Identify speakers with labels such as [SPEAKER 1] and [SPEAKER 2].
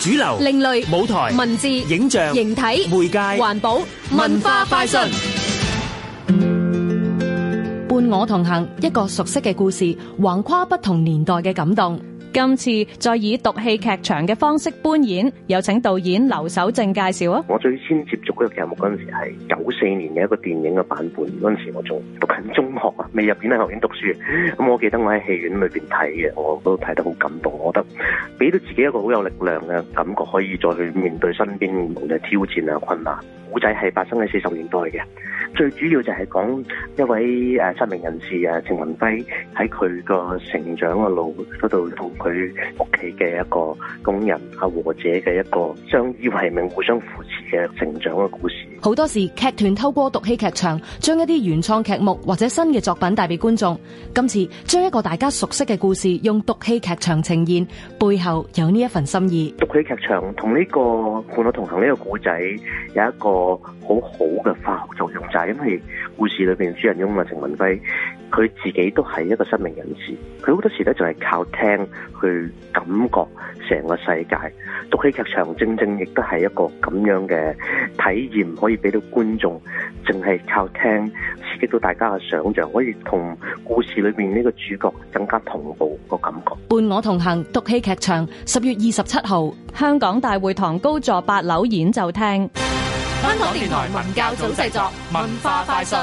[SPEAKER 1] 主流、另類、舞台、文字、影像、形
[SPEAKER 2] 體、媒介、環保、文化快訊，
[SPEAKER 3] 伴我同行。一個熟悉嘅故事，橫跨不同年代嘅感動。今次再以讀戲劇場嘅方式搬演，有請導演劉守正介紹啊、
[SPEAKER 1] 哦！我最先接觸嗰個劇目嗰陣時係九四年嘅一個電影嘅版本，嗰陣時我仲讀緊中學啊，未入院喺學院讀書。咁、嗯、我記得我喺戲院裏邊睇嘅，我都睇得好感動，我覺得俾到自己一個好有力量嘅感覺，可以再去面對身邊嘅挑戰啊困難。古仔係發生喺四十年代嘅。最主要就係講一位誒失明人士啊程文輝，喺佢個成長嘅路度，同佢屋企嘅一個工人阿和姐嘅一個相依為命、互相扶持嘅成長嘅故事。
[SPEAKER 2] 好多時劇團透過讀戲劇場將一啲原創劇目或者新嘅作品帶俾觀眾，今次將一個大家熟悉嘅故事用讀戲劇場呈現，背後有呢一份心意。
[SPEAKER 1] 讀戲劇場同呢、這個伴我同行呢個古仔有一個很好好嘅化學作用。因為故事裏邊主人翁嘛，陳文輝佢自己都係一個失明人士，佢好多時咧就係靠聽去感覺成個世界。讀戲劇場正正亦都係一個咁樣嘅體驗，可以俾到觀眾，淨係靠聽刺激到大家嘅想像，可以同故事裏面呢個主角更加同步個感覺。
[SPEAKER 3] 伴我同行讀戲劇場，十月二十七號，香港大會堂高座八樓演奏廳。香港電台文
[SPEAKER 1] 教組製作《文化快訊》。